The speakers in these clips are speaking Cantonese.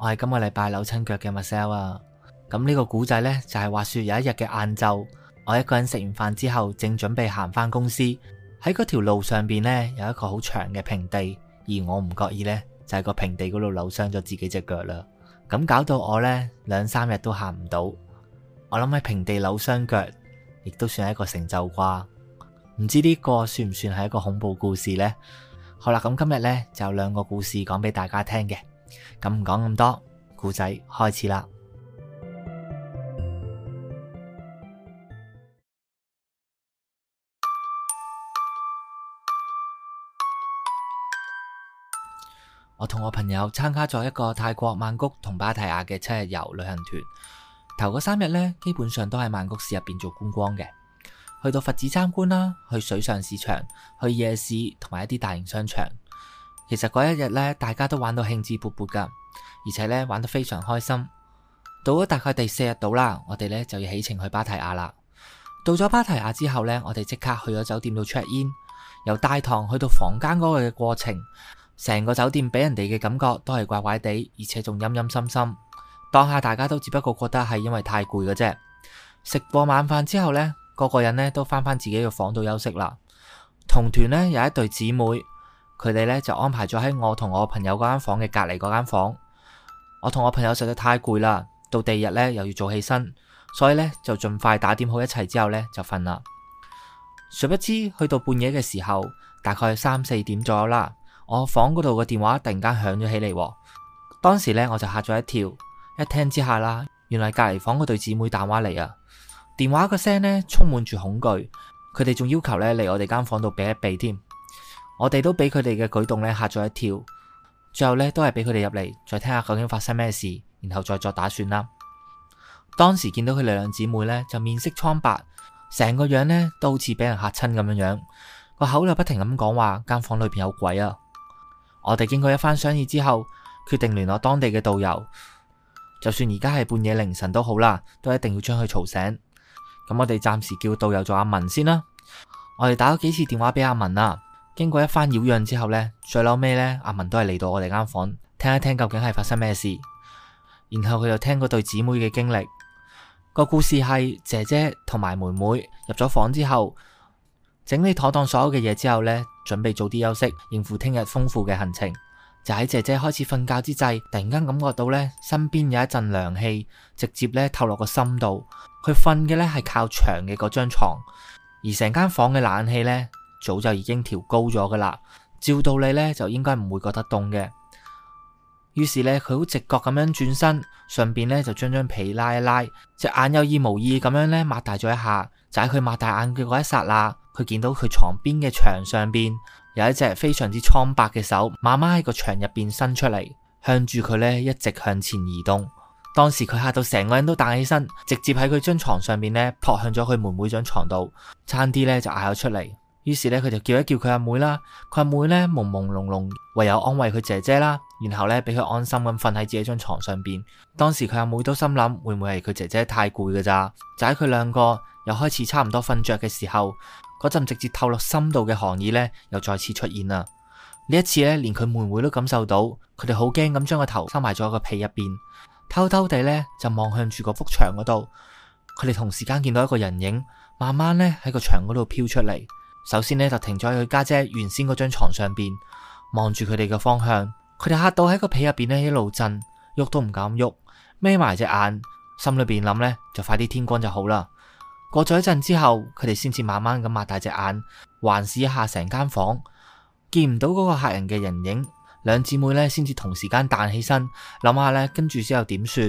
我係今個禮拜扭親腳嘅 Marcel 啊，咁呢個古仔呢，就係、是、話說有一日嘅晏晝，我一個人食完飯之後，正準備行返公司，喺嗰條路上邊呢，有一個好長嘅平地，而我唔覺意呢，就係、是、個平地嗰度扭傷咗自己隻腳啦，咁搞到我呢，兩三日都行唔到，我諗喺平地扭傷腳亦都算係一個成就啩，唔知呢個算唔算係一個恐怖故事呢？好啦，咁今日呢，就有兩個故事講俾大家聽嘅。咁唔講咁多，故仔開始啦。 我同我朋友參加咗一個泰國曼谷同芭提雅嘅七日遊旅行團，頭嗰三日呢，基本上都喺曼谷市入邊做觀光嘅，去到佛寺參觀啦，去水上市場，去夜市同埋一啲大型商場。其實嗰一日咧，大家都玩到興致勃勃噶，而且咧玩得非常開心。到咗大概第四日到啦，我哋咧就要起程去芭提亞啦。到咗芭提亞之後咧，我哋即刻去咗酒店度 check in，由大堂去到房間嗰個嘅過程，成個酒店俾人哋嘅感覺都係怪怪地，而且仲陰陰森森。當下大家都只不過覺得係因為太攰嘅啫。食過晚飯之後呢，個個人咧都翻返自己嘅房度休息啦。同團呢，有一對姊妹。佢哋咧就安排咗喺我同我朋友嗰間房嘅隔籬嗰間房。我同我朋友實在太攰啦，到第二日咧又要早起身，所以咧就盡快打點好一切之後咧就瞓啦。殊不知去到半夜嘅時候，大概三四點左右啦，我房嗰度嘅電話突然間響咗起嚟。當時咧我就吓咗一跳，一聽之下啦，原來隔籬房嗰對姊妹打電話嚟啊。電話個聲咧充滿住恐懼，佢哋仲要求咧嚟我哋間房度避一避添。我哋都俾佢哋嘅舉動咧吓咗一跳，最後咧都係俾佢哋入嚟，再聽下究竟發生咩事，然後再作打算啦。當時見到佢哋兩姊妹咧就面色蒼白，成個樣咧都好似俾人嚇親咁樣樣，個口又不停咁講話，間房裏邊有鬼啊！我哋經過一番商議之後，決定聯絡當地嘅導遊，就算而家係半夜凌晨都好啦，都一定要將佢嘈醒。咁我哋暫時叫導遊做阿文先啦。我哋打咗幾次電話俾阿文啦。經過一番擾攘之後咧，最嬲尾咧，阿文都係嚟到我哋間房聽一聽究竟係發生咩事，然後佢就聽嗰對姊妹嘅經歷。個故事係姐姐同埋妹妹入咗房之後，整理妥當所有嘅嘢之後咧，準備早啲休息，應付聽日豐富嘅行程。就喺姐姐開始瞓覺之際，突然間感覺到咧，身邊有一陣涼氣直接咧透落個心度。佢瞓嘅咧係靠牆嘅嗰張床，而成間房嘅冷氣咧。早就已經調高咗噶啦，照道理咧就應該唔會覺得凍嘅。於是咧，佢好直覺咁樣轉身，順便咧就將張被拉一拉，隻眼有意無意咁樣咧擘大咗一下。就喺佢擘大眼嘅嗰一剎那，佢見到佢床邊嘅牆上邊有一隻非常之蒼白嘅手，慢慢喺個牆入邊伸出嚟，向住佢咧一直向前移動。當時佢嚇到成個人都彈起身，直接喺佢張床上邊咧撲向咗佢妹妹張床度，差啲咧就嗌咗出嚟。於是咧，佢就叫一叫佢阿妹啦。佢阿妹咧，朦朦朧朧，唯有安慰佢姐姐啦。然後咧，俾佢安心咁瞓喺自己張床上邊。當時佢阿妹，妹都心諗，會唔會係佢姐姐太攰㗎咋？就喺佢兩個又開始差唔多瞓着嘅時候，嗰陣直接透落深度嘅寒意咧，又再次出現啦。呢一次咧，連佢妹妹都感受到，佢哋好驚咁將個頭收埋咗個被入邊，偷偷地咧就望向住嗰幅牆嗰度。佢哋同時間見到一個人影，慢慢咧喺個牆嗰度飄出嚟。首先呢，就停咗喺佢家姐原先嗰張床上邊，望住佢哋嘅方向。佢哋嚇到喺個被入邊呢，一路震，喐都唔敢喐，眯埋隻眼，心裏邊諗呢，就快啲天光就好啦。過咗一陣之後，佢哋先至慢慢咁擘大隻眼，環視一下成間房，見唔到嗰個客人嘅人影。兩姊妹呢，先至同時間彈起身，諗下呢，跟住之後點算。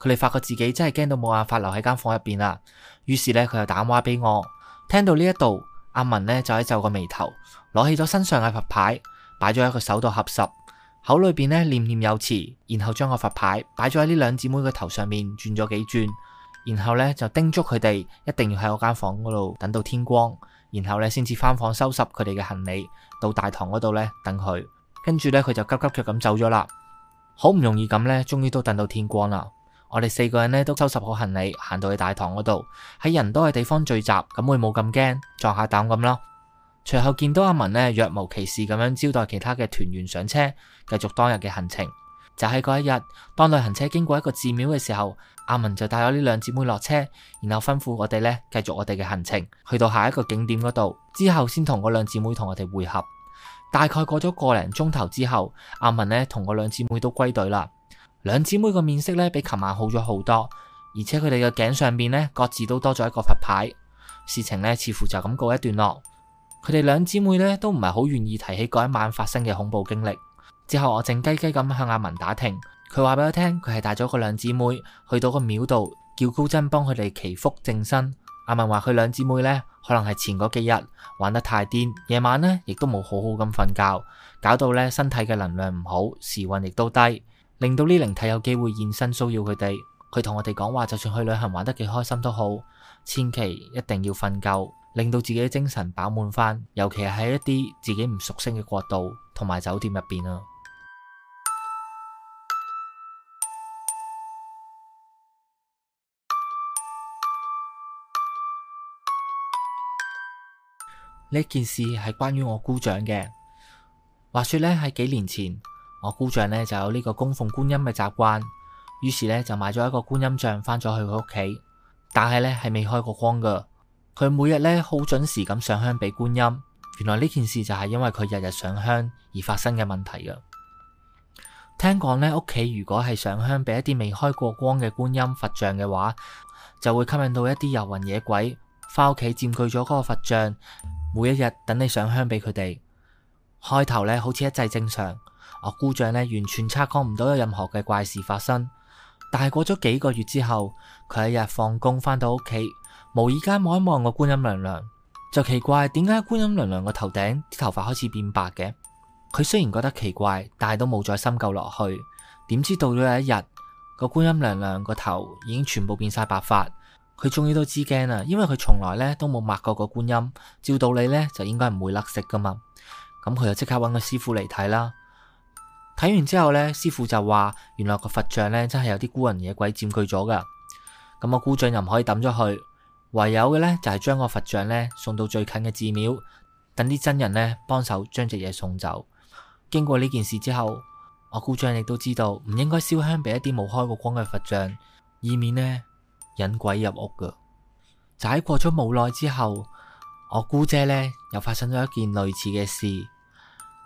佢哋發覺自己真係驚到冇辦法留喺間房入邊啦。於是呢，佢就打電話俾我，聽到呢一度。阿文咧就喺皺個眉頭，攞起咗身上嘅佛牌，擺咗喺個手度合十，口裏邊咧念念有詞，然後將個佛牌擺咗喺呢兩姊妹嘅頭上面轉咗幾轉，然後咧就叮囑佢哋一定要喺我間房嗰度等到天光，然後咧先至翻房收拾佢哋嘅行李到大堂嗰度咧等佢，跟住咧佢就急急腳咁走咗啦。好唔容易咁咧，終於都等到天光啦。我哋四個人咧都收拾好行李，行到去大堂嗰度，喺人多嘅地方聚集，咁會冇咁驚，壯下膽咁咯。隨後見到阿文咧若無其事咁樣招待其他嘅團員上車，繼續當日嘅行程。就喺嗰一日，當旅行車經過一個寺廟嘅時候，阿文就帶咗呢兩姊妹落車，然後吩咐我哋咧繼續我哋嘅行程，去到下一個景點嗰度之後，先同嗰兩姊妹同我哋匯合。大概過咗個零鐘頭之後，阿文咧同嗰兩姊妹都歸隊啦。兩姊妹個面色咧比琴晚好咗好多，而且佢哋嘅頸上邊咧各自都多咗一個佛牌。事情咧似乎就咁告一段落。佢哋兩姊妹咧都唔係好願意提起嗰一晚發生嘅恐怖經歷。之後我靜雞雞咁向阿文打聽，佢話俾我聽佢係帶咗個兩姊妹去到個廟度叫高僧幫佢哋祈福正身。阿文話佢兩姊妹咧可能係前嗰幾日玩得太癲，夜晚咧亦都冇好好咁瞓覺，搞到咧身體嘅能量唔好，時運亦都低。令到呢靈體有機會現身騷擾佢哋，佢同我哋講話，就算去旅行玩得幾開心都好，千祈一定要瞓覺，令到自己精神飽滿翻，尤其係喺一啲自己唔熟悉嘅國度同埋酒店入邊啊！呢 件事係關於我姑丈嘅，話說咧喺幾年前。我姑丈咧就有呢個供奉觀音嘅習慣，於是咧就買咗一個觀音像翻咗去佢屋企，但係咧係未開過光噶。佢每日咧好準時咁上香俾觀音。原來呢件事就係因為佢日日上香而發生嘅問題啊！聽講咧，屋企如果係上香俾一啲未開過光嘅觀音佛像嘅話，就會吸引到一啲遊魂野鬼翻屋企佔據咗嗰個佛像，每一日等你上香俾佢哋。開頭咧好似一切正常。我姑丈咧完全察覺唔到有任何嘅怪事發生，但係過咗幾個月之後，佢一日放工返到屋企，無意間望一望個觀音娘娘，就奇怪點解觀音娘娘個頭頂啲頭髮開始變白嘅？佢雖然覺得奇怪，但係都冇再深究落去。點知到咗有一日，個觀音娘娘個頭已經全部變晒白髮，佢終於都知驚啦，因為佢從來咧都冇抹過個觀音，照道理咧就應該唔會甩色㗎嘛。咁佢就即刻揾個師傅嚟睇啦。睇完之後呢，師傅就話：原來個佛像呢真係有啲孤魂野鬼佔據咗噶。咁我姑丈又唔可以抌咗佢，唯有嘅呢就係將個佛像呢送到最近嘅寺廟，等啲僧人呢幫手將隻嘢送走。經過呢件事之後，我姑丈亦都知道唔應該燒香俾一啲冇開過光嘅佛像，以免呢引鬼入屋噶。就喺過咗冇耐之後，我姑姐呢又發生咗一件類似嘅事。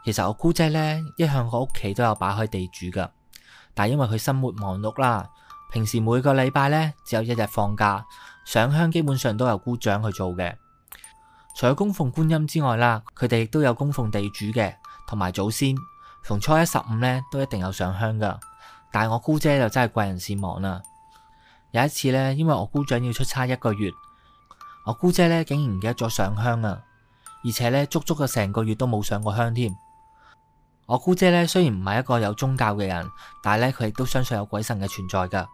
其實我姑姐咧，一向個屋企都有擺開地主噶，但係因為佢生活忙碌啦，平時每個禮拜咧只有一日放假，上香基本上都由姑丈去做嘅。除咗供奉觀音之外啦，佢哋亦都有供奉地主嘅，同埋祖先。逢初一十五咧都一定有上香噶，但係我姑姐就真係貴人善忘啦。有一次咧，因為我姑丈要出差一個月，我姑姐咧竟然唔記得咗上香啊，而且咧足足嘅成個月都冇上過香添。我姑姐咧，雖然唔係一個有宗教嘅人，但係咧佢亦都相信有鬼神嘅存在噶。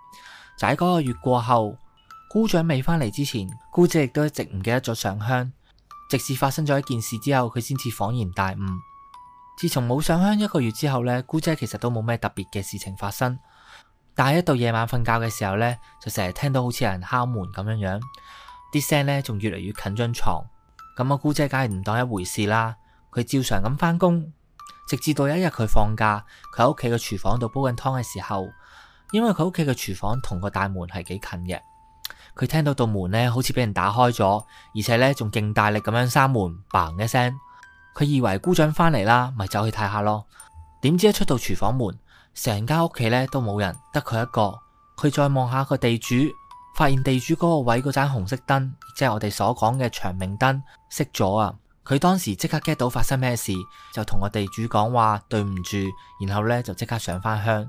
就喺嗰個月過後，姑丈未返嚟之前，姑姐亦都一直唔記得咗上香。直至發生咗一件事之後，佢先至恍然大悟。自從冇上香一個月之後咧，姑姐其實都冇咩特別嘅事情發生，但係一到夜晚瞓覺嘅時候咧，就成日聽到好似有人敲門咁樣樣，啲聲咧仲越嚟越近張床。咁我姑姐梗係唔當一回事啦，佢照常咁返工。直至到一日佢放假，佢喺屋企嘅廚房度煲緊湯嘅時候，因為佢屋企嘅廚房同個大門係幾近嘅，佢聽到道門咧好似俾人打開咗，而且咧仲勁大力咁樣閂門，嘭一聲，佢以為姑丈翻嚟啦，咪走去睇下咯。點知一出到廚房門，成間屋企咧都冇人，得佢一個。佢再望下個地主，發現地主嗰個位嗰盞紅色燈，即係我哋所講嘅長明燈熄咗啊！佢當時即刻 get 到發生咩事，就同我地主講話對唔住，然後呢，就即刻上返香。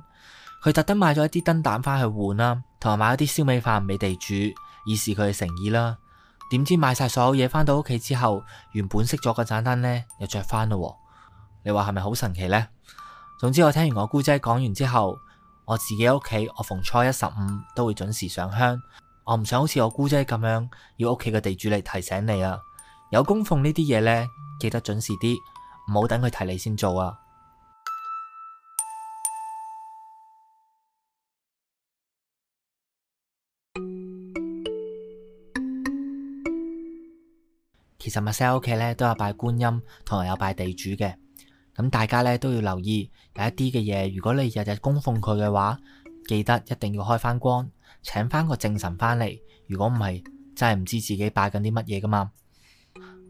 佢特登買咗一啲燈膽返去換啦，同埋買咗啲燒味飯俾地主，以示佢嘅誠意啦。點知買晒所有嘢返到屋企之後，原本熄咗個盞燈呢，又着翻咯。你話係咪好神奇呢？總之我聽完我姑姐講完之後，我自己屋企我逢初一十五都會準時上香，我唔想好似我姑姐咁樣要屋企嘅地主嚟提醒你啊。有供奉呢啲嘢呢，記得準時啲，唔好等佢提你先做啊。 其實馬修屋企呢，都有拜觀音，同埋有拜地主嘅。咁大家呢，都要留意有一啲嘅嘢。如果你日日供奉佢嘅話，記得一定要開返光，請返個正神返嚟。如果唔係，真係唔知自己拜緊啲乜嘢㗎嘛。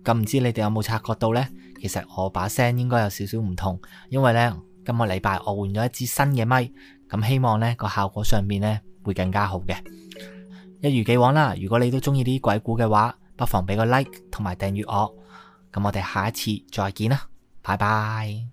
咁唔知你哋有冇察覺到呢？其實我把聲應該有少少唔同，因為呢，今個禮拜我換咗一支新嘅咪，咁希望呢個效果上面呢會更加好嘅。一如既往啦，如果你都鍾意呢啲鬼故嘅話，不妨俾個 like 同埋訂閱我。咁我哋下一次再見啦，拜拜。